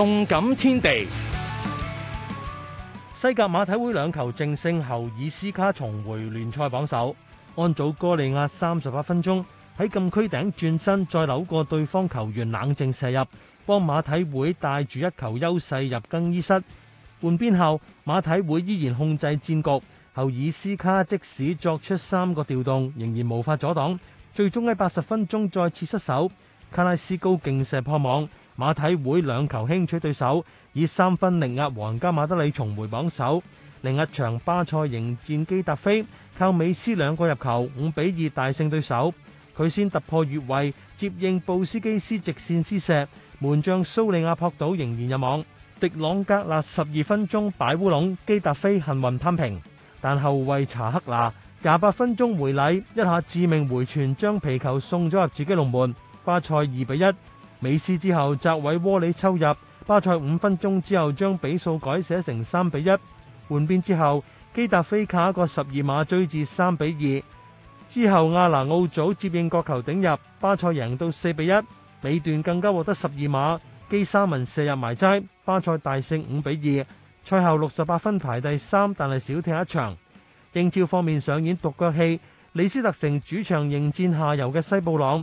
動感天地，西甲馬體會兩球淨勝候爾斯卡重回聯賽榜首。安祖哥利亞三十八分鐘喺禁區頂轉身，再扭過對方球員冷靜射入，幫馬體會帶住一球優勢入更衣室。換邊後，馬體會依然控制戰局。候爾斯卡即使作出三個調動，仍然無法阻擋。最終喺八十分鐘再次失手，卡拉斯高勁射破網。馬體會兩球輕取對手，以三分力壓皇家馬德里重回榜首。另一場巴塞迎戰基達菲，靠美斯兩個入球五比二大勝對手。佢先突破越位，接應布斯基斯直線施射，門將蘇利亞撲倒仍然入網。迪朗格納十二分鐘擺烏龍，基達菲幸運攤平。但後衛查克拿，廿八分鐘回禮一下致命回傳，將皮球送咗入自己龍門，巴塞二比一。1, 美斯之後，扎位、窩利抽入巴塞，五分鐘之後將比數改寫成三比一。換邊之後，基達菲卡一個十二碼追至三比二。之後，亞拿奧祖接應角球頂入，巴塞贏到四比一。尾段更加獲得十二碼，基沙文射入埋齋，巴塞大勝五比二。賽後六十八分排第三，但係少踢一場。英超方面上演獨腳戲，里斯特城主場迎戰下游嘅西布朗。